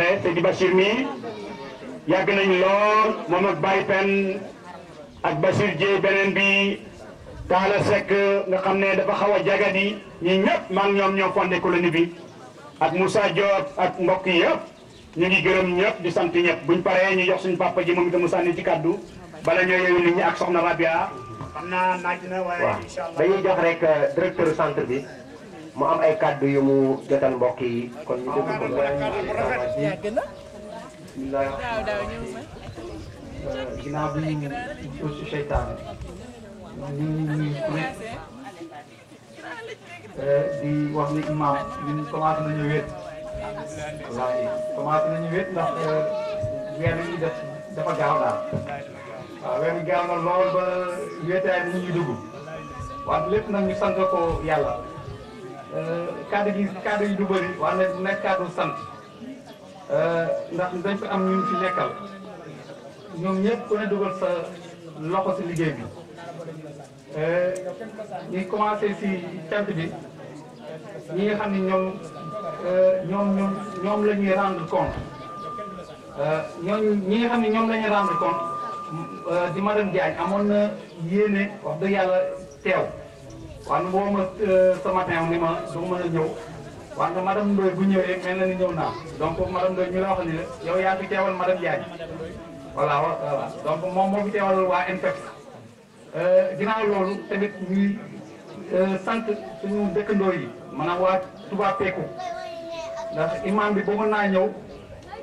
Seydi Bachir mi yàgg nañ lool moom ak Baye Pen ak Bachir Dieye beneen bi Talla Seck nga xam ne dafa xaw a jagadi ñi ñëpp maa ngi ñoom ñoo fondé colonie bi ak Moussa Diop ak yi yëpp ñu ngi gërëm ñëpp di sant ñëpp buñ paree ñu jox suñu papa ji moom itam mu sànni ci kaddu bala ñoo yeewu nit ak soxna Rabia xam naa naaj na waaye incha allah dañuy jox rek euh, directeur centre bi mu am ay kàddu yu mu jotal mbokk yi kon ñu déglu ko ginnaaw bi ñu dugg si seytaane ñu ngi eh, di wax ni imam ñun commencé nañu wéet wallaahi commencé nañu wéet ndax eh, weer yi def dafa gaaw daal waaw weer yi gaaw na lool ba wéetaay bi ñu ngi dugg waaye lépp nag ñu sant ko yàlla. kaddu euh, gi kaddu yi du bëri nekk kaddu sant euh, ndax dañ ko am ñun fi nekkal ñoom ñëpp ku ne dugal sa loxo si liggéey bi euh, ñi commencé si cant bi ñi nga xam ne ñoom ñoom ñoom ñoom la ñuy rendre compte ñooñu ñi nga xam ne ñoom la ñuy rendre compte di amoon na yéene wax dëgg yàlla teew wan woo ma ce euh, matin ni ma doo mën a ñëw wante madame Ndoye bu ñëwee mel na ni ñëw naa donc madame Ndoye ñu la wax ni la yow yaa fi teewal madame Ndiaye voilà voilà donc moom moo fi teewal waa INPEX euh, ginnaaw loolu tamit ñuy euh, sant suñu dëkkandoo yi maanaam waa Touba Peku ndax imam bi bëggoon naa ñëw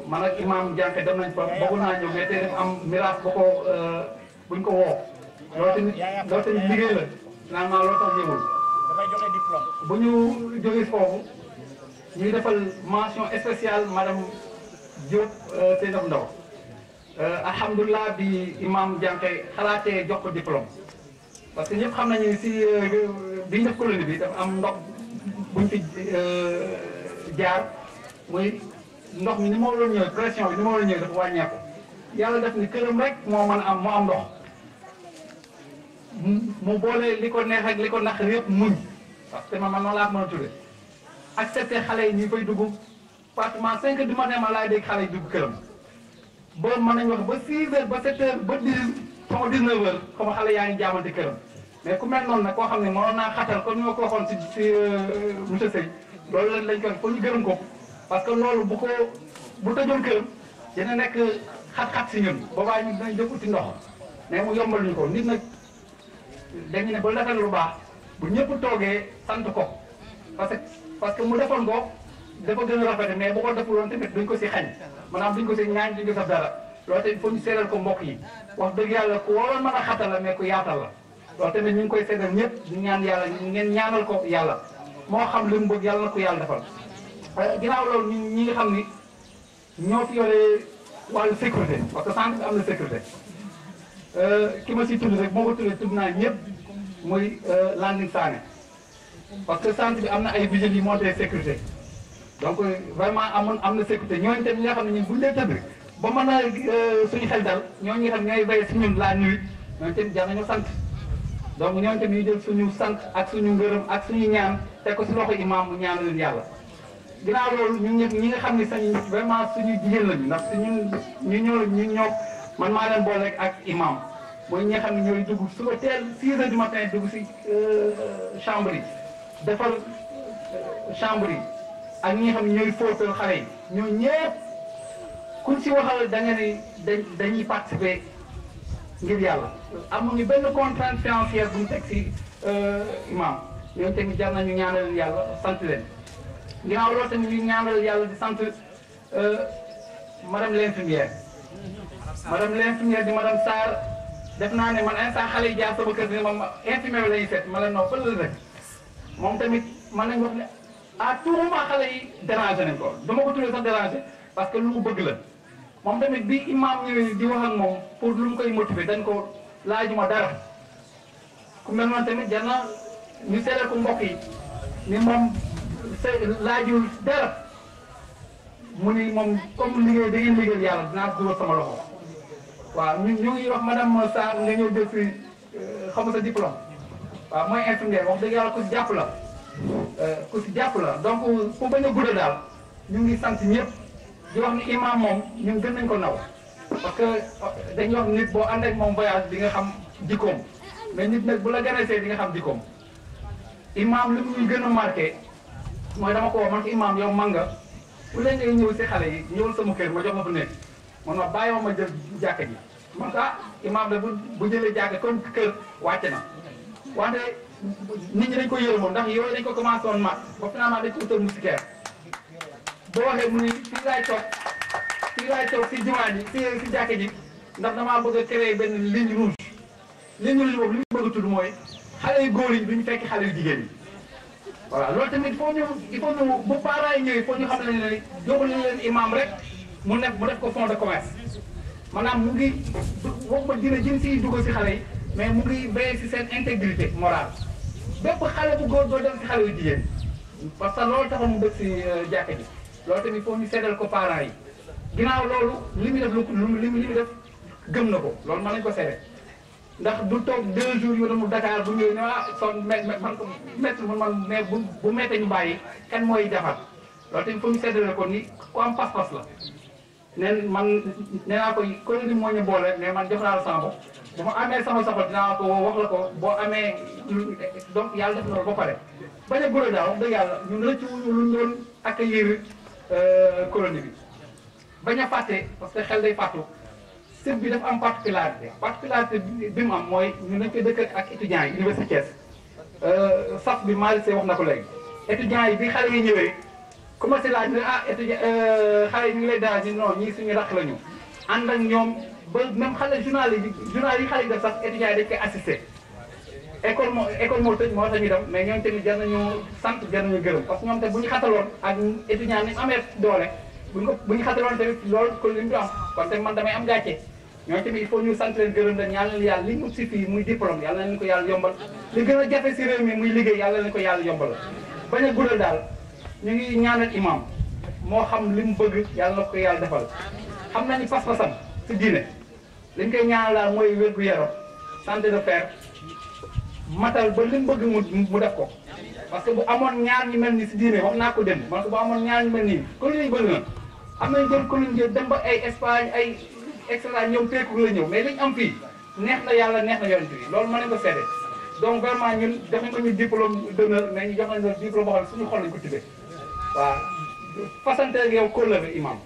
man ak imam Dianké dem nañ fa naa ñëw mais am miraas bu ko buñ ko woo loolu tamit loolu tamit liggéey naan maa loo tax ñëwul. dafay joxe diplôme. bu ñu jógee foofu ñuy defal mention spéciale madame Diop euh, Seydou Ndaw euh, alhamdulilah bi imam Dianké xalaatee jox ko diplôme. parce que ñëpp xam nañu si euh, biñ def colonie bi dafa am ndox buñ fi jaar muy ndox mi ni moo doon ñëwee pression bi ni moo doon ñëwee dafa wàññeeku yàlla def ni këram rek moo mën am moo am ndox. mu boole li ko neex ak li ko naq yëpp muñ parce que man man noonu laa mën a tuddee accepté xale yi ñu fay dugg pratiquement cinq du matin ma laay dégg xale yi dugg këram boobu mën nañu wax ba six heures ba sept ba dix xaw ma dix neuf ma xale yaa ngi jaamante këram mais ku mel noonu nag koo xam ne moo naa xatal comme ni ma ko waxoon si si euh, monsieur loolu lañ ko wax ñu gërëm ko parce que loolu bu ko bu tëjoon këram dina nekk xat-xat si ñun boobaa ñu dinañ jëf uti ñu ko dañu ne ba defal lu baax bu ñëpp toogee sant ko parce que parce que mu defoon ko dafa gën a rafet mais bu ko defuloon tamit duñ ko si xañ maanaam duñ ko si ñaañ duñ ko saf dara loolu tamit ñu ko mbokk yi wax dëgg yàlla ku waroon mën ku yaatal la loolu tamit ñu ngi koy seedal ñëpp ñu ñaan yàlla ngeen ñaanal ko yàlla moo xam li mu bëgg yàlla na ko yàlla defal ginnaaw loolu ñi ñi nga xam ni ñoo fi yore wàllu sécurité parce que sànq am na sécurité Euh, ki ma si tudd rek boo ko tuddee tudd naa ñëpp muy euh, Landing Sané parce que sant bi am na ay vigiles yi monté sécurité donc euh, vraiment amoon am na sécurité ñooñu tamit nga xam ne ñun buñ leen tëdd ba suñu xel dal ñooñu nga xam ñooy veillé si ñun la nuit ñooñu tamit jar nañu sant donc ñooñu tamit ñu jël suñu sant ak suñu ngërëm ak suñu ñaan teg ko si loxo imaam mu ñaan leen yàlla. ginnaaw loolu ñu ñëpp ñi nga xam ne sax vraiment suñu jigéen lañu ndax ñun ñu ñu ñoo. man maa leen boole ak imam mooy ñi nga xam ne ñooy dugg suba teel 6 heures du matin dugg si euh, chambre yi defal euh, chambre yi ak ñi xam ne ñooy fóotal xale yi ñoo ñëpp kuñ si waxal da nga ni dañuy participer ngir yàlla amuñu benn contrainte financière bu ñu teg si euh, imam ñoom tamit jar nañu ñaanal yàlla sant leen ginnaaw loolu tamit ñu ñaanal yàlla di sant madame l'infirmière madame l'infirmière di madame Sarr def naa ne man instant xale yi jaar sama kër gi moom infirmière la ñuy seet ma la noo fëlal rek moom tamit mën nañ wax ne à tout moment xale yi dérangé nañ ko dama ko tuddee sax dérangé parce que lu mu bëgg la moom tamit bi imam ñëwee di wax moom pour lu mu koy motiver dañ ko laajuma dara ku mel noonu tamit jar ñu seetal ko mbokk yi ni moom laajul dara mu ni moom comme liggéey da ngeen liggéeyal yàlla dinaa dugal sama loxo waaw ñun ñu ngi wax madame Sarr nga ñëw def fi euh, xamu sa diplôme waaw mooy infirmière wax dëgg yàlla ku si jàpp la euh, ku jàpp la donc ku bañ a gudd daal ñu ngi sant ñëpp di wax ni imam moom ñun gën nañ ko naw parce que euh, dañuy wax nit boo ànd ak moom voyage di nga xam jikkoom mais nit nag bu la ganesee di nga xam jikkoom imam li mu gën a marqué mooy dama ko wax man ko imam yow manga bu la nee ñëw si xale yi ñëwul sama kër ma jox ma fu nekk man ma bàyyi ma ma jël jàkka ji man ah imaam la bu bu jëlee jàkka kon kër wàcc na wante nit ñi dañ ko yërëmoon ndax yooyu dañ ko commencé woon mat ba finalement dañ ko utal moustiquaire boo waxee mu ni fii laay toog fii laay toog si jumaa ji si si jàkka ji ndax damaa bëgg a créer benn ligne rouge ligne rouge boobu li ñu bëgg a tudd mooy xale yu góor yi duñu fekk xale yu jigéen yi voilà loolu tamit foo ñu il faut ñu bu parents yi ñëwee foo ñu xam ne ne joxu leen leen imam rek mu nekk mu def ko fond de commerce maanaam mu ngi waxuma dina jëm si dugg si xale yi mais mu ngi béyee si seen intégrité morale bépp xale bu góor doo dem si xale yu jigéen parce que loolu taxoon mu bëgg si euh, jàkka ji loolu tamit foofu ñu seddal ko parent yi ginnaaw loolu li mu def lu li mu li mu def gëm na ko loolu mën nañu ko seddee. ndax du toog deux jours yu demu Dakar bu ñëwee ne ah son man ko maître man man mais bu bu méttee ñu bàyyi kan mooy jafar loolu tamit fu mu séddale ko ni ku am pas-pas la neen man nee naa ko kuréel gi moo ñu boole mais man jox naa la sama ko wax la ko boo amee donc yàlla def na ko ba pare. bañ a góor daal wax dëgg yàlla ñun rëccu wuñu luñ doon accueillir euh, colonie bi bañ a fàtte parce que xel day fàttu. sëñ bi dafa am particularité particularité bi mu am mooy ñu dañ koy dëkk ak étudiants yi université Thiès euh, saf bi Malick Seye wax na ko léegi étudiants yi bi xale yi ñëwee commencé laaj ne ah étudiant euh, yi ñu ngi lay daal ñu non ñii suñu rakk la ñu ànd ak ñoom ba même xale journal yi journal yi xale yi def sax étudiants yi dañ koy assisté école moo école moo tëj moo tax ñu dem mais ñoom tamit jar nañu sant jar nañu gërëm parce que ñoom tamit bu ñu xataloon ak étudiants ni amee doole bu ko buñ xataloon tamit loolu ko li ñu am kon tamit man damay am gàcce ñooñu tamit il ñu sant leen gërëm leen ñaan leen yàlla li ñu si fii muy diplôme yàlla na leen ko yàlla yombal li gën a jafe si réew na leen bañ a guddal daal ñu ngi ñaanal imam moo xam li mu bëgg yàlla na ko yàlla defal xam nañu pas-pasam si diine liñ koy ñaanal daal mooy wér gu yaram santé de fer matal ba li mu bëgg mu def ko parce que bu amoon ñaar ñu mel ni si diine wax naa ko dem parce que bu amoon ñaar ñu mel nii kon li ñu am nañ dem commune bi dem ba ay Espagne ay et cetera ñoom teeku la ñëw mais liñ am fii neex na yàlla neex na yonent bi loolu ma nañ ko seede donc vraiment ñun jox nañ ko ñu diplôme d'honneur mais ñu jox nañ ko diplôme boo xam ne suñu xol lañ ko tibbee waaw yow kóllëre imam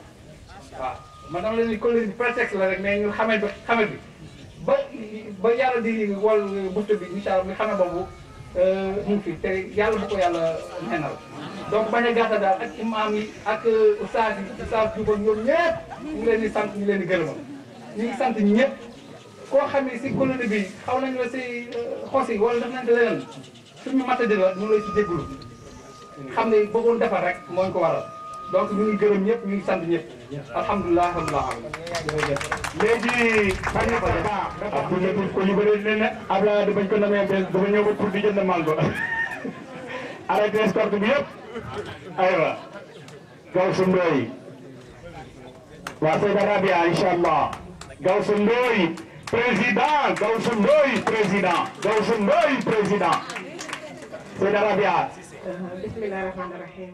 waaw man dama leen ni kóllëre bi mais ñu xamee bi xamee bi ba ba yàlla di wol bunt bi incha allah mi xamee boobu euh, mu ngi te yàlla bu ko yàlla nenal donc bañ a gàttal daal ak imaam yi ak euh, ustaas yi ustaas Diouf ak ñoom ñëpp ñu leen sant ñu leen di gërëma ñu ngi sant ñi ñëpp koo xam ne si colonie bi xaw nañu la si euh, xos yi wala def nañ te la ñu lay si déglu xam ne bëggoon defar rek moo ñu ko waral donc ñu ngi gërëm ñëpp ñu ngi sant ñëpp alhamdulilah alhamdulilah. léegi. bañ na ko def ah bu ñu ko ñu bëri leen ne Abdoulaye bañ ko namee bees dafa ñëw ba pour di jënd màndo arrêté escorte bi yëpp. ايوه قوس النوي وعصيب الرابعة ان شاء الله قوس النوي بريزيدان قوس النوي بريزيدان قوس النوي بريزيدان سيدة رابعة بسم الله الرحمن الرحيم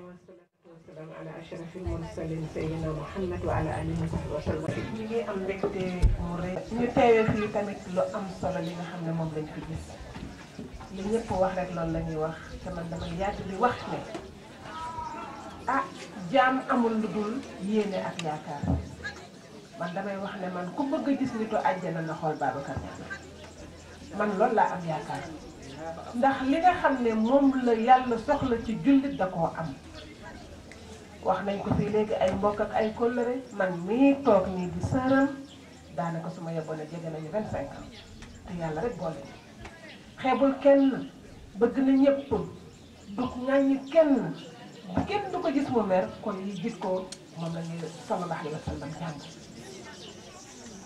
والسلام على أشرف المرسلين سيدنا محمد وعلى آله وصحبه وسلم ñu ngi am mbégte ñu teewee fii tamit lu am solo li nga xam ne lañ fi gis li ñëpp wax rek loolu la wax te dama yàgg di wax ne ah jaam amul lu dul yéene ak yaakaar man damay wax ne man ku bëgg a gis nitu àjjana na xool Babacar man loolu laa am yaakaar ndax li nga xam ne moom la yàlla soxla ci jullit da koo am wax nañ ko fi léegi ay mbokk ak ay kóllëre man mii toog nii di sëram daanaka su ma yeboon jege nañu vingt cinq ans te yàlla rek boole xeebul kenn bëgg na ñëpp du ñàññi kenn kenn du ko gis mu mer kon yi gis ko moom la ñuy sallallahu alayhi wa sallam jàng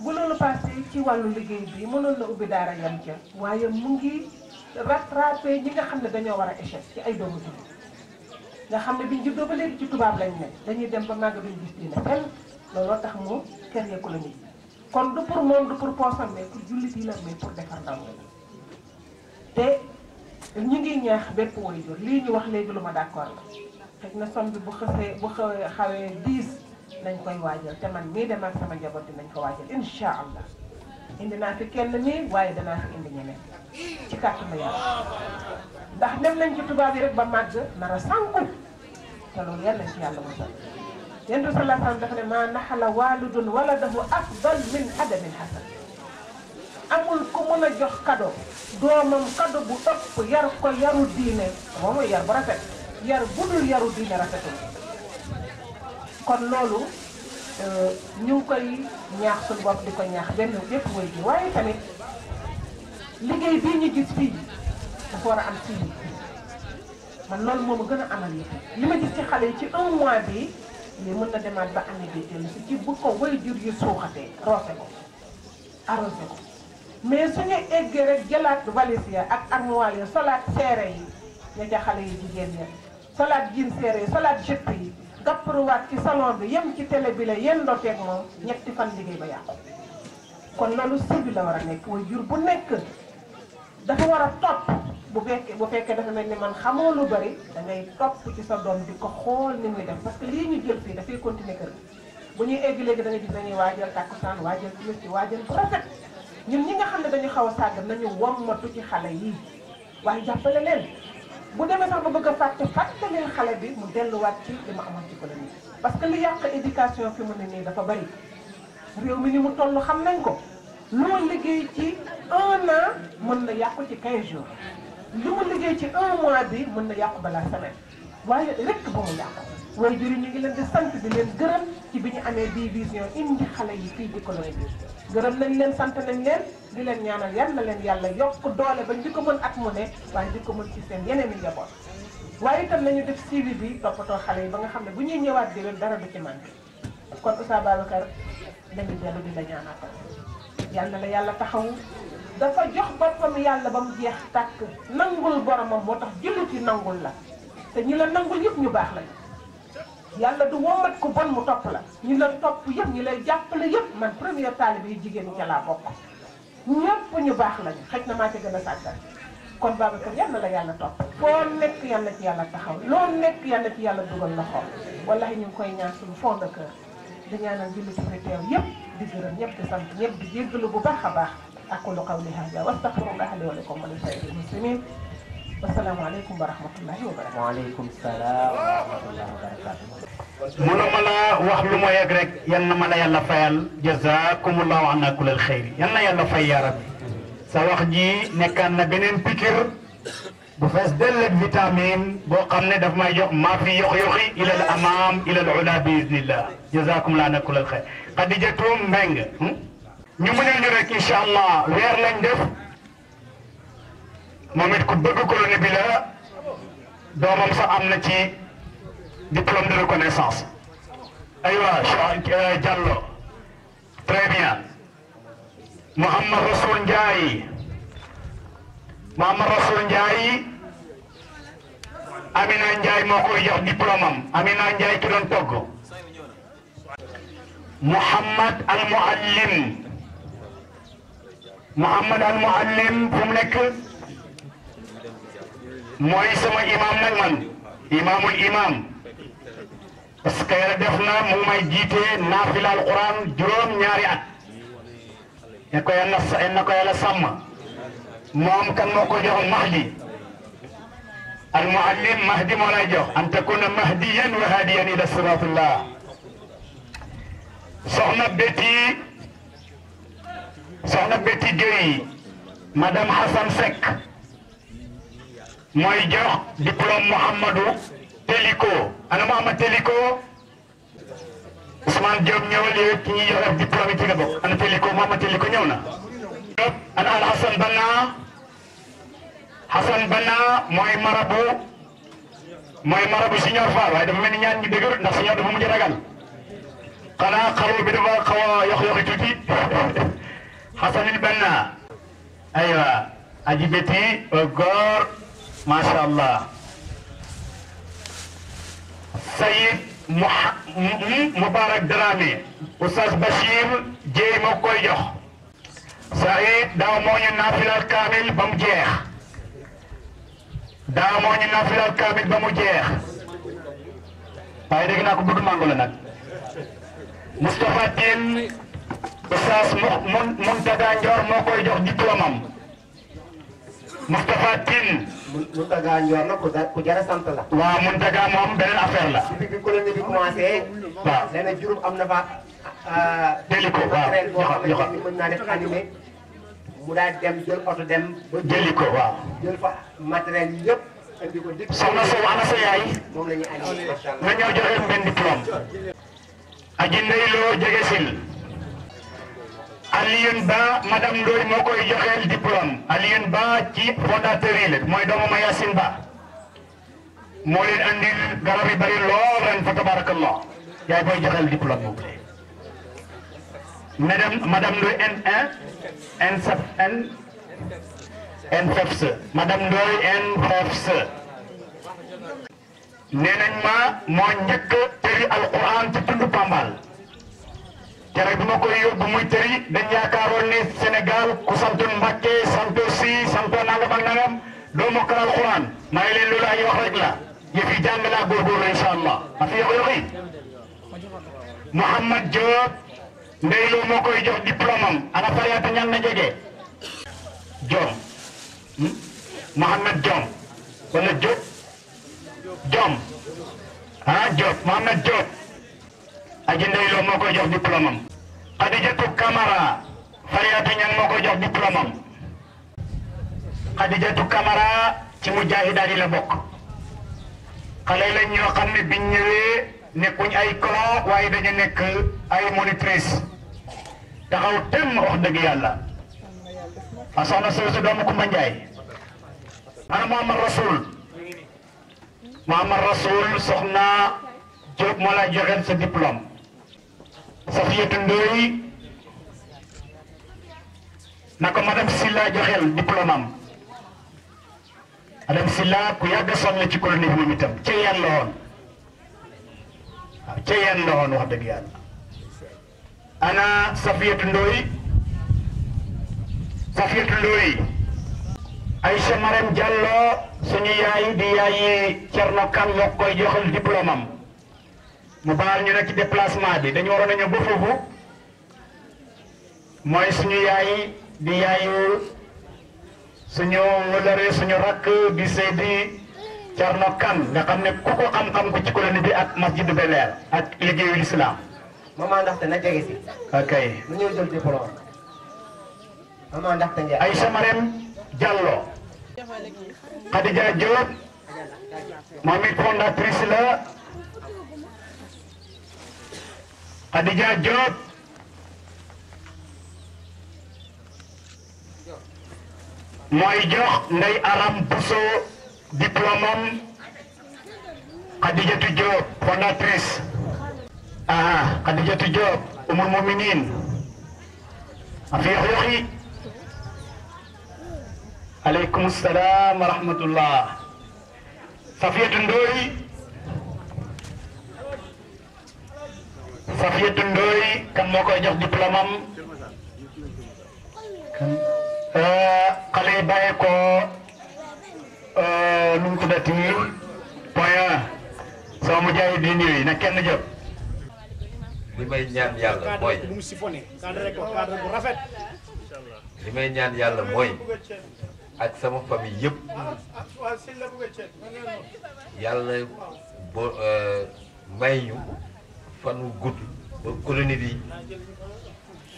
bu loolu passé ci wàllu liggéey bi mënoon na ubbi daara yam ca waaye mu ngi rattrapé ñi nga xam ne dañoo war a échec ci ay doomu jullit nga xam ne biñ juddoo ba léegi ci tubaab lañ ne dañuy dem ba màgg duñ gis diine kenn looloo tax mu kenn yekku la ñuy kon du pour moom du pour poosam mais pour jullit yi la mais pour defar ndaw te ñu ngi ñaax bépp waajur lii ñu wax léegi lu ma d'accord la xëy na somme bi bu xasee bu xawee diis nañ koy waajal te man mii dem ak sama njaboot dinañ ko waajal incha allah indi naa fi kenn nii waaye danaa fi indi ñeneen ci kàttanu yàlla ndax dem nañ ci tubaab yi rek ba màgg nar a sànku te loolu yàlla ci yàlla mosal yéen bi salaa salaam dafa ne maa naxala waalidun waladahu afdal min adamin hasan amul ku mën a jox kado doomam kado bu ëpp yar ko yaru diine moom mooy yar bu rafet yar budul yaru diine rafetul kon loolu euh, ñu ngi koy ñaax suñu bopp di ko ñaax benn bépp wéy bi waaye tamit liggéey bii ñu gis fii dafa war a am fii man loolu moom gën a amal yi li ma gis ci xale yi ci un mois bi mais mën na demaat ba am bi dellu ci bu ko way jur yu suuxatee roose ko arrosé ko mais suñu eggee rek jëlaat valise ya ak armoire ya solaat seere yi ña ca xale yi jigéen ña solaat jin yi solaat jëpp yi gàpparuwaat ci salon bi yem ci télé bi la yéen ndoteeg moom ñetti fan liggéey ba yàqu kon loolu sibi la war a nekk way jur bu nekk dafa war a topp bu fekkee bu fekkee dafa mel ni man xamoo lu bari da ngay topp ci sa doom di ko xool ni muy def parce que lii ñu jël fii dafay continuer kër bu ñuy egg léegi da ngay gis dañuy waajal takkusaan waajal timis ci waajal bu rafet ñun ñi nga xam ne dañu xaw a sàgg nañu wommatu ci xale yii waaye jàppale leen bu demee sax ba bëgg a fàtte fàttalil xale bi mu delluwaat ci li mu amoon ci colonie parce que li yàq éducation fi mu ne nii dafa bari réew mi ni mu toll xam nañ ko loo liggéey ci un an mën na yàqu ci 15 jours li mu liggéey ci un mois bi mën na yàqu balaa semaine waaye rek ba mu yàqu way juri ñu ngi leen di sant di leen gërëm ci bi ñu amee bii vision indi xale yi fii di Colombie bi gërëm nañ leen sant nañ leen di leen ñaanal yal na leen yàlla yokk doole ba ñu ko mën at mu ne waaye di ko mën ci seen yeneen i njaboot waaye itam nañu def suivi bi toppatoo xale yi ba nga xam ne bu ñuy ñëwaat déwén dara du ci manqué kon Oustaz Babacar dañu dellu di la ñaanal yal na la yàlla taxawu dafa jox ba boppam yàlla ba mu jeex tàkk nangul boromam moo tax jullit yi nangul la te ñu la nangul yëpp ñu baax lañu yàlla du wommat ku bon mu topp la ñu la topp yëpp ñu lay jàppale yëpp man première taalibe yi jigéen ñi ca laa bokk ñëpp ñu baax lañu xëj na maa ci gën a sàggal kon Babacar yàlla la yàlla topp foo nekk yàlla ci yàlla taxaw loo nekk yàlla ci yàlla dugal loxo wallahi ñu koy ñaan suñu fond de cœur di ñaanal julli ci fi yëpp di gërëm lu di sant ñëpp di jéggalu bu baax a baax aqulu qawli hada wa astaghfirullaha li wa lakum wa li saa'iril muslimin السلام عليكم ورحمة الله وبركاته وعليكم السلام ورحمة الله وبركاته منما لا وحلو ما يقرأ ينما لا يلا فيال جزاكم الله عنا كل الخير يلا يلا في يا ربي سواق جي نكان بنين بكر بفاس دل فيتامين بو قمنا دف ما يق ما في يق يقي إلى الأمام إلى العلا بإذن الله جزاكم الله عنا كل الخير قد جتهم بنج نمنا نرك إن شاء الله وير لن دف momit ku bëgg colonie bi la doomam sa am na ci diplôme de reconnaissance aywa Cheikh jallo euh, très bien Mouhamad Rasoul ndjay Mouhamad Rasoul ndjay Amina ndjay moko jox diplôme am Amina ndjay ki don togg Mouhamad al Muallim Muhammad al Muallim fum nek moy sama imam nak man imamul imam parce que def na mu may jité naafila alquran juróom ñaari at ne ko yàlla na ko yàlla kan moko jox mahdi al muallim mahdi mo lay jox an takuna mahdiyan wa hadiyan ila siratillah soxna beti soxna beti Gueye madame hasan sek moy jox diplôme mohammadou teliko ana Teliko teliko Ousmane Diop ñewal yow it ñuy joxe diplôme Teliko ci nga bok ana teliko na. ana al Hassan Banna Hasan Banna moy marabu moy marabu Senior Fall way dafa melni ñaan ñi deugur ndax Senior dafa mujj ragal qala qalu bi dafa xaw a yox tuti hasan Banna aywa aji beti Masya Allah Sayyid Mubarak Drami, Ustaz Bashir Dieye moo Sayyid daaw moo ñu Kamil kaamil ba mu jeex kamil moo ñu naafilal kaamil ba Mustafa jeex waaye dégg naa ko bëgg màngo Mustafa nag Mountaga Ndior la ku jara sant la. waaw Mountaga moom beneen affaire la. depuis bi colonie am na fa. Euh, jëli ko waaw joxo joxo boo xam ne mu daal dem jël oto dem. ba jëli ko waaw. jël fa matériel yëpp. indi ko dikk soxna Sow ana la ñuy animé macha allah. benn diplôme. aji ndey loo jege alien Ba madame Ndoye moo koy joxeel diplôme alien Ba ci fondateur yi la moy doomu ma Yacine Ba mo len andil garab yi bari lool ren fa tabarakallah yaay koy joxeel diplôme moom madame madame Ndoye N1 N7 N N5 madame Ndoye N5 nenañ ma mo njëkk tëri alquran ci tundu Pambal jarak bi ma koy yóbbu muy tëri dañ yaakaaroon ne Sénégal ku santoon Mbàkke santo si santo nangam ak nangam doo mokkal alquran maa ngi leen loolu ay wax rek la yëf yi jàng laa góorgóorlu incha allah ma fi yoxo yoxi Mouhamad Diop ndey loo moo koy jox diplôme am ana fariata ñan na jege Diom hmm? Mouhamad Diom wala Diop Diom ah Diop muhammad Diop agenda ndey loo diploma. koy jox diplôme am Khadijatu Kamara Fariata Ñang moo koy jox diplôme am Khadijatu Kamara ci mujaahidaat yi la bokk xale lañ ayo xam ne biñ ñëwee nekkuñ ay colon waaye dañu nekk ay monitrice taxaw wax soxna ana Muhammad Rasul Muhammad Rasul soxna job moo la joxeel sa diplôme Sofia Ndoye nako ko madame Silla joxel diplôme am madame Silla ku yàgg son la ci colonie bi moom itam ca yeen la woon waaw ca wax deug yalla ana Sofia Ndoye Sofia Ndoye Aisha Maram Diallo suñu yaay di yaay ci Kane kan yokoy joxel diplôme am mu baal ñu nag ci déplacement bi dañu waro nañu bu fofu moy suñu yaay di yaayu suñu wolare suñu rak bi sédi charno kan nga xam ne ku ko xam-xam ko ci colonie bi ak masjid Bel Air ak liggéeyu lislaam maman ndaxte na jégué ci ok mu ñëw jël diplôme mama ndax ndaxte njëg ay samarem Diallo Khadija Diop moom fondatrice la Khadijah Job mooy jox ndey aram buso diplomam Khadijatu tujuh, fondatrice ah Khadijatu tujuh, umur muminin Afiyah yoxi alaykum warahmatullah, Safiyah rahmatullah Safiyatu Ndooy kan moo koy jox diplôme am euh, xale yi bàyyi ko euh, nu point soo mu jaay di na kenn jóg. li may ñaan yàlla mooy ñaan yàlla mooy ak sama famille yëpp ah, ah, yàlla bo euh, may ñu. fan wu gudd ba colonie bi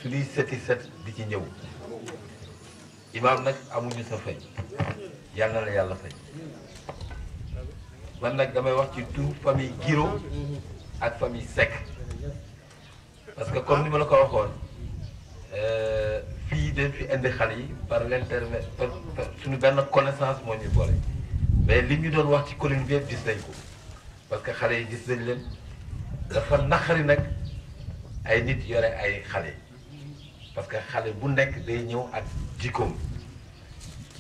suñuy seti set di ci ñëw imaam nag amuñu sa fay yal na la yàlla fay man nag damay wax ci tout famille Guiro ak famille Seck parce que comme ni ma la ko waxoon euh, fii dañ fi indi xale yi par l'intermédiaire par suñu benn connaissance moo ñu boole mais li ñu doon wax ci colonie bi yëpp ko parce que xale yi gis nañ leen dafa naqari nag ay nit yore ay xale parce que xale bu nekk day ñëw ak jikkoom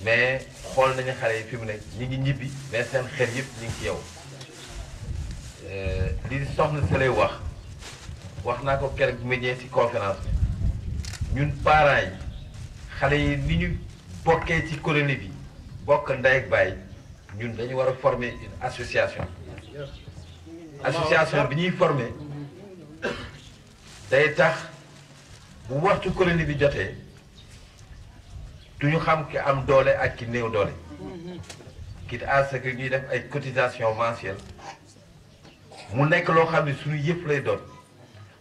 mais xool nañu xale yi fi mu nekk ñi ngi ñibbi mais seen xel yëpp ñi ngi ci yow euh, li soxna lay wax wax naa ko keroog bu ma ñëwee ci conférence bi ñun parents yi xale yi ni ñu bokkee ci colonie bi bokk ndey ak baay ñun dañu war a former une association association bi ñuy formé day tax bu waxtu colonie bi jotee du xam ki am doole ak ki néew doole kit à ce que ñuy def ay cotisation mensuelle mu nekk loo xam ne suñu yëpp lay doon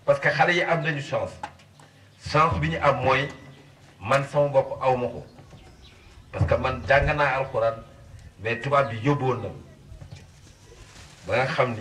parce que xale yi am nañu chance chance bi ñu am mooy man sama bopp aw ma ko parce que man jàng naa alxuraan mais tubaab bi yóbboon na ba nga xam ni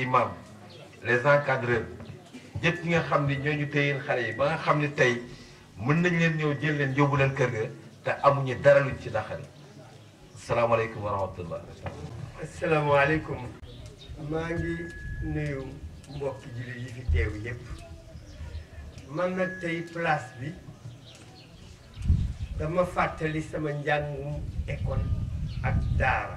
imam les encadreurs ñëpp ñi nga xam ni ñooñu téyeen xale yi ba nga xam ni tey mën nañ leen ñëw jël leen yóbbu leen kër ga te amuñu dara luñ ci naqari asalaamaaleykum wa rahmatullah asalaamaaleykum maa ngi nuyu mbokki jullit yi fi teew yëpp man nag tey place bi dama fàttali sama njàngum école ak daara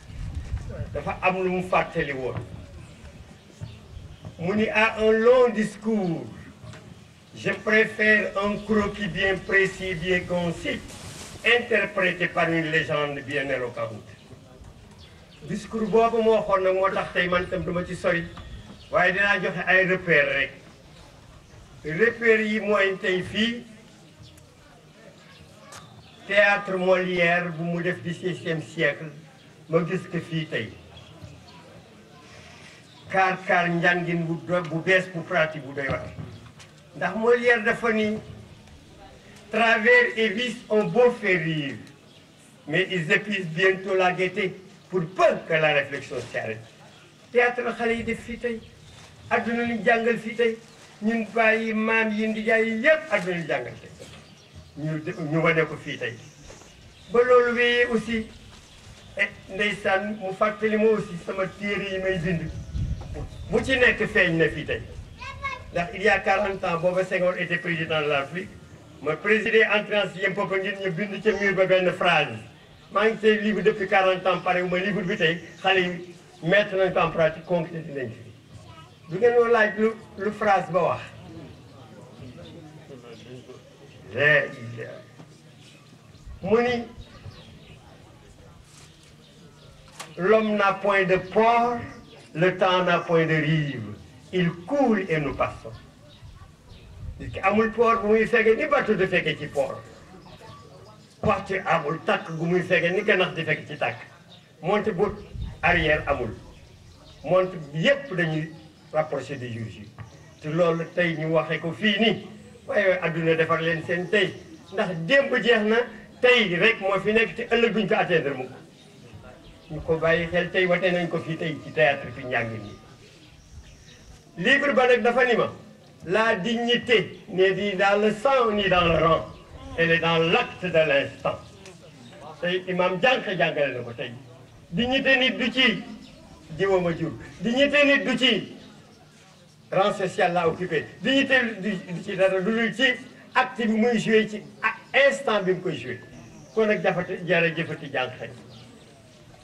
dafa am lu un long discours je préfère un croquis bien précis bien concis interprété par une légende bien éloquente discours est mu waxoon pour moi tax tey man itam duma ci sori waaye dinaa joxe ay repères rek repères yi mooy tey fii théâtre Molière bu mu def 16e siècle je gis ko fii tey kar kar njàngin bu bu bes bu prati bu doy wat ndax Molière dafa ni travers et vis ont beau faire rire mais ils épuisent bientôt la gaieté pour peu que la réflexion s'arrête théâtre la xale yi def fii tey adduna ñu jàngal fii tey ñun bàyyi mam yi ndijaay yi yëpp adduna ñu jàngal tey ñu ñu wane ko fii tey ba loolu wi aussi eh, ndeysaan mu fàttali mo aussi sama téere yi may bind mu ci nekk feeñ na fi tey ndax il y a 40 ans booba Senghor était président de l'Afrique. République président présidé entrée en sixième pop ngir ñu bind ca mur ba benn phrase maa ngi libre depuis 40 ans pare ma livre bi tey xale en pratique concrétiser nañ fi du ngeen woon laaj lu phrase ba wax mu ni l'homme n'a point de port le temps n'a point de rive, il coule et nous passons. amul port bu muy fege ni battu de fekk ci port waxtu amul tak gu muy fege ni ganax di fekk ci tàkk monte bu arrière amul monte yépp dañuy rapproché de jour ji te tay tey ñu waxe ko fii nii waaye adduna defar leen seen tey ndax démb jeex tay tey rek mo fi nekk ci ëllëg duñ ko atteindre mu ko bàyyi xel tey wate nañ ko fii tey ci théâtre fi njàng mi livre ba nag dafa ni ma la dignité n'est di dans le sang ni dans le rang elle est dans l'acte de l'instant tey imam jànq jàngale na ko tey dignité nit du ci jiwam a jur dignité nit du ci rang social la occupé dignité du ci dara du dul ci acte bi muy joué ci instant bi mu koy joué kon nag jafati jara jëfati jànq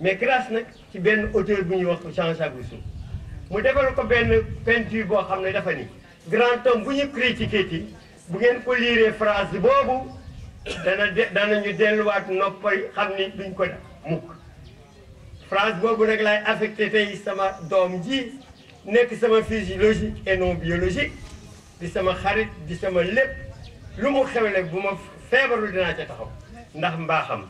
mais grâce nag ci benn auteur bu ñuy wax Jean-Jacques Rousseau mu defal ko benn peinture boo xam ne dafa ni grand homme bu ñu critiqué ci bu ngeen ko liiree phrase boobu dana de danañu delluwaat noppay xam ni duñ ko mukk phrase boobu nag laay affecté tey sama doom ji nekk sama physiologique et non biologique di sama xarit di sama lépp lu mu xewle bu ma feebarul dinaa ca taxaw ndax mbaaxam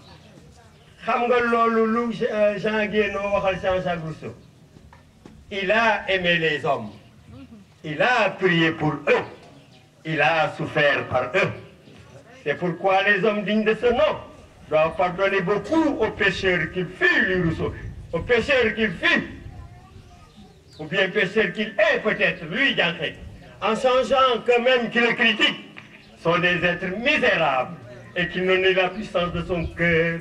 il a aimé les hommes il a prié pour eux il a souffert par eux c'est pourquoi les hommes dignes de ce nom doivent pardonner beaucoup aux pécheurs qui fut lui Rousseau aux pécheurs qu'il fut ou bien pécheur qu'il est peut-être lui en changeant que même qui le critiquent sont des êtres misérables et qui n'ont ni la puissance de son cœur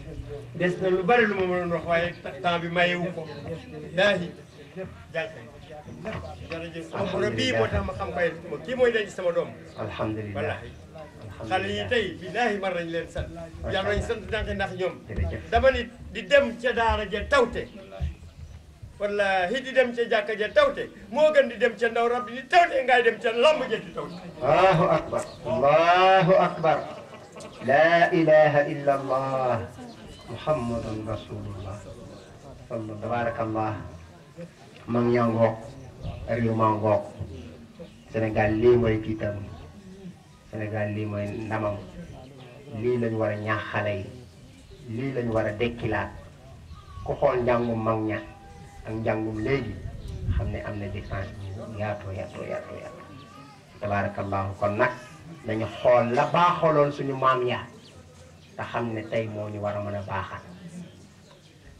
des na lu bari lu ma mënoon wax waaye temps bi mayewu ko laahi jànk jërëjëf xam na bii moo tax ma xam koy ma kii mooy denc sama doom alhamdulilah xale yi tey billaahi mar nañ leen sant yàlla nañ sant danke ndax ñoom dama ni di dem ca daara ja tawte wallaahi di dem ca jàkka ja tawte moo gën di dem ca ndaw rab di tawte ngay dem ca lamb ja di tawte allahu akbar allahu akbar la ilaha illa allah muhammadun rasulullah allah tabarakallah mag ngoog réew ngoog Sénégal lii mooy kiitam Sénégal lii mooy ndamam lii lañ war a ñaax xale yi lii lañ war a dekkilaat ku xool njàngum mag ña ak njàngum léegi xam ne am na différence yaatoo yaatoo yaatoo yaatoo tabarakallahu kon nag dañu xool la baaxoloon suñu maam yaa te xam ne tey moo ñu war a mën a baaxal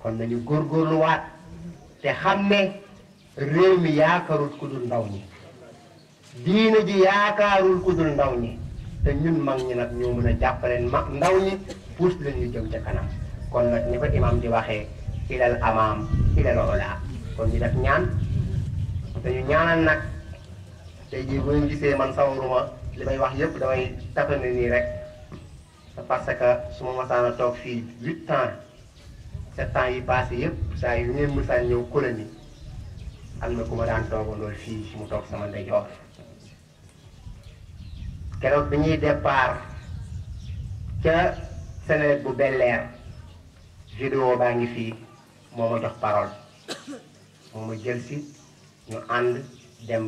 kon góor góorgóorluwaat te xam ne réew mi yaakaarul ku dul ndaw ñi diina ji yaakaarul ku dul ndaw ñi te ñun mag ñi nag ñoo mën a jàppaleen mag ndaw ñi puus la ñu jëm kanam kon nag ni imam di waxee ilal amaam ilal ola kon ñu def ñaan dañu ñaanal nag tey jii bu gisee man sawaruma li may wax yëpp damay tapane nii rek parce que su ma masaan a toog fii huit ans sept ans yi passé yëpp saa yu ngeen mësaan ñëw colonie am na ku ma daan tooga loolu fii mu toog sama ndeyjoor keroog bi ñuy départ ca Sénégal bu belleer vidéo baa ngi fii moo ma jox parole moo ma jël si ñu ànd dem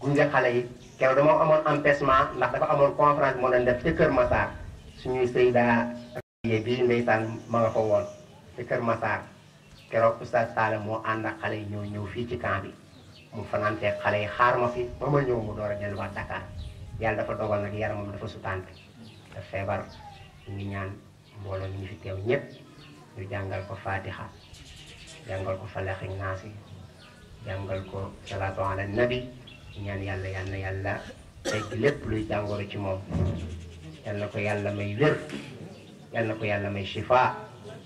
gunge xale yi keroog dama amoon empêchement ndax dafa amoon conférence moo doon def ca Kër Massar suñuy sëy daa yee bii ndeysaan ma nga woon ci Masaar keroog oustaz Saale moo ànd ak xale yi ñëw ñëw fii ci camp mu fanaantee xale yi xaar ma fi ba ma ñëw mu door a delluwaat Dakar yàlla dafa dogal nag yaramam dafa sutante te feebar ñu ngi ñaan mbooloo ñu fi teew ñépp ñu jàngal ko fatiha jàngal ko falaxi naasi jàngal ko salaatu ala nabi ñaan yàlla yàlla yàlla teg lépp luy jàngoro ci moom yal na ko yàlla may wér yal na ko yàlla may shifaa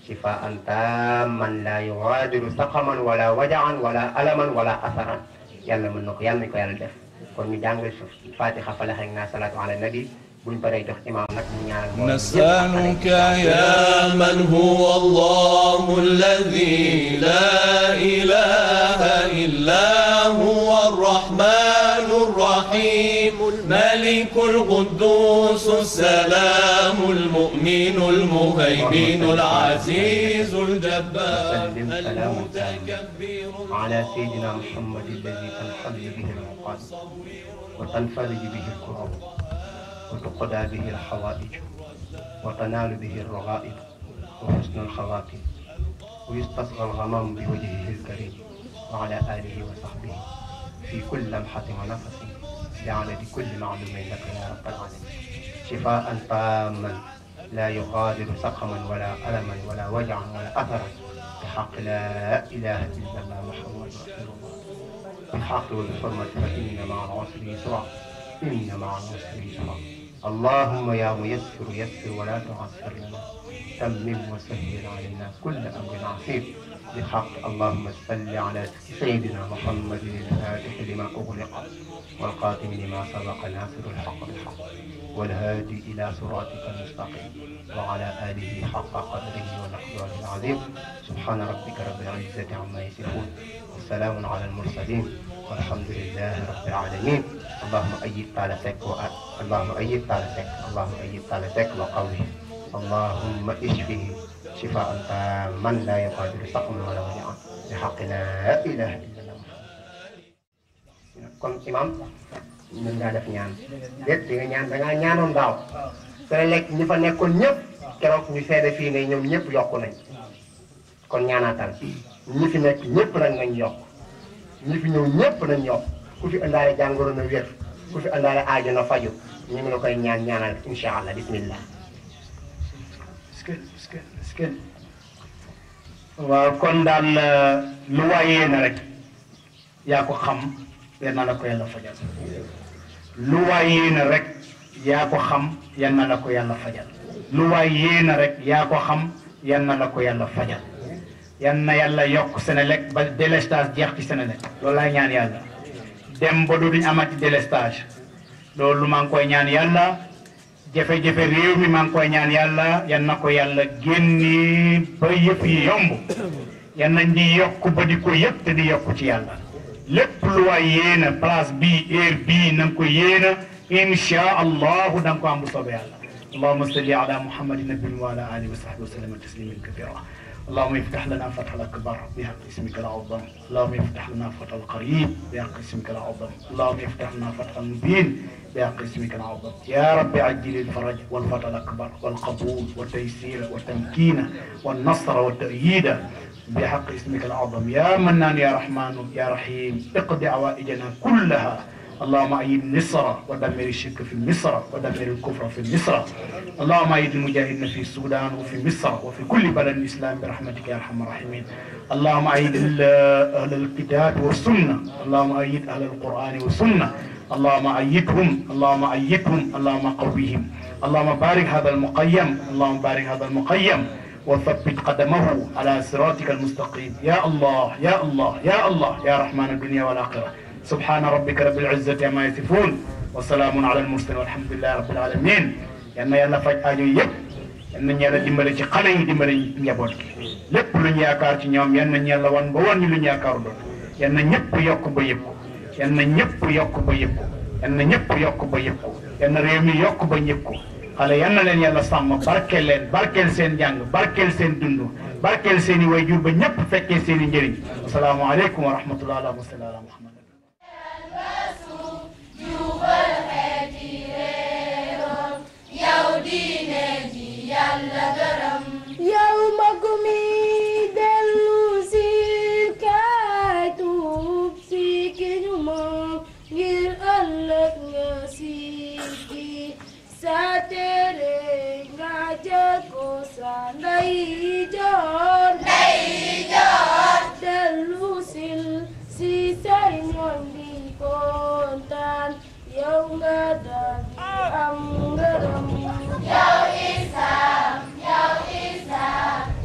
shifaan taaman laa yugaadiru saqaman wala wajaan wala alaman wala asaran yàlla mën na ko yàlla nañ ko yàlla def kon ñu jàngal suuf fatiha falax ak naa salaatu ala nabi نسألك يا من هو الله الذي لا إله إلا هو الرحمن الرحيم الملك القدوس السلام المؤمن المهيمن العزيز الجبار المتكبر على سيدنا محمد الذي تنحل به المقاس وتنفرج به الكرب وتقضى به الحوائج وتنال به الرغائب وحسن الخواتم ويستصغى الغمام بوجهه الكريم وعلى آله وصحبه في كل لمحة ونفس لعنة يعني كل معلوم لك يا رب العالمين شفاء تاما لا يغادر سقما ولا ألما ولا وجعا ولا أثرا بحق لا إله إلا الله محمد رسول الله بالحق والحرمة فإن مع العسر يسرا إن مع العسر يسرا اللهم يا ميسر يسر ولا تعسر لنا تمم وسهل علينا كل أمر عسير بحق اللهم صل على سيدنا محمد الفاتح لما أغلق والقاتم لما سبق ناصر الحق بالحق والهادي إلى صراطك المستقيم وعلى آله حق قدره ونحوه العظيم سبحان ربك رب العزة عما يصفون وسلام على المرسلين والحمد لله رب العالمين اللهم أيد طالتك اللهم أيد طالتك اللهم أيد طالتك وقوله اللهم اشفه shifaan taaman ah, laa yuqaadiru saqaman wala wajaa'an bi def ñaan lépp di nga ñaan daaw te lekk ñi fa nekkoon ñëpp keroog ñu seede fii ne ñoom ñëpp yokku nañ kon ñaanaatal ñi fi nekk ñëpp nag nañ yokk ñi fi ñëw ñëpp nañ yokk ku fi andaale jàngoro na wér ku fi andaale aajo na faju ñu ngi la koy ñaan ñaanal incha allah bismillah waaw kon daal eh, lu waayee rek yaa ko xam yal na la ko yàlla fajal lu waayee rek yaa ko xam yal na la ko yàlla fajal lu waayee rek yaa ko xam yal na la ko yàlla fajal yal na yàlla yokk Senelec ba délestage jeex ci Senelec loolu ñaan yàlla dem ba dootuñu amati délestage loolu maa koy ñaan yàlla. jafe-jafe réew mi maa ngi koy ñaan yàlla yan na ko yàlla génne ba yëpp yi yomb yan nañ di yokk ba di ko yëpp te di yokk ci yàlla lépp lu waay yéena place bii heure bii na nga ko yéena insha allahu da ko am bu soobee yàlla allahumma salli ala muhammadin nabiyin wa ala alihi wa sahbihi wa sallama tasliman kathira اللهم افتح لنا فتح الأكبر بحق اسمك العظم اللهم افتح لنا فتح القريب بحق اسمك العظم اللهم افتح لنا فتح المبين بحق اسمك العظم يا رب عجل الفرج والفتح الأكبر والقبول والتيسير والتمكين والنصر والتأييد بحق اسمك العظم يا منان يا رحمن يا رحيم اقضي عوائدنا كلها اللهم أيد مصر ودمر الشرك في مصر ودمر الكفر في مصر اللهم أيد المجاهدين في السودان وفي مصر وفي كل بلد الإسلام برحمتك يا أرحم الراحمين اللهم أيد أهل الكتاب والسنة اللهم أيد أهل القرآن والسنة اللهم أيدهم اللهم أيدهم اللهم قويهم اللهم بارك هذا المقيم اللهم بارك هذا المقيم وثبت قدمه على صراطك المستقيم يا الله يا الله يا الله يا رحمن الدنيا والآخرة سبحان ربك رب العزة عما يصفون wasalaamun ala al-mursalin walhamdulillahi rabbil alamin yal na yàlla faj aajo yëpp yal nañu yàlla dimbale ci xale yi dimbale njaboot gi lépp lu ñu yaakaar ci ñoom yal nañu yàlla wan ba wan ñu lu ñu yaakaaru doon yal na ñëpp yokk ba yëpp ko yal na ñëpp yokk ba yëpp ko yal na ñëpp yokk ba yëpp ko yal na réew mi yokk ba ñëpp ko xale yal na leen yàlla sàmm barkeel leen barkeel seen jàng barkeel seen dund barkeel seen i wayjur ba ñëpp fekkee seen i njëriñ asalaamualeykum wa rahmatullahi wa rahmatullahi yàlla gërëm yow mbokk mi si ki ñu moom ngir ëllëg nga si ki sa tere nga jëkko sa ndey joor ndey joor dellu si say moom di kontaan yow nga daan am ngërëm Yo Islam, Yo Islam.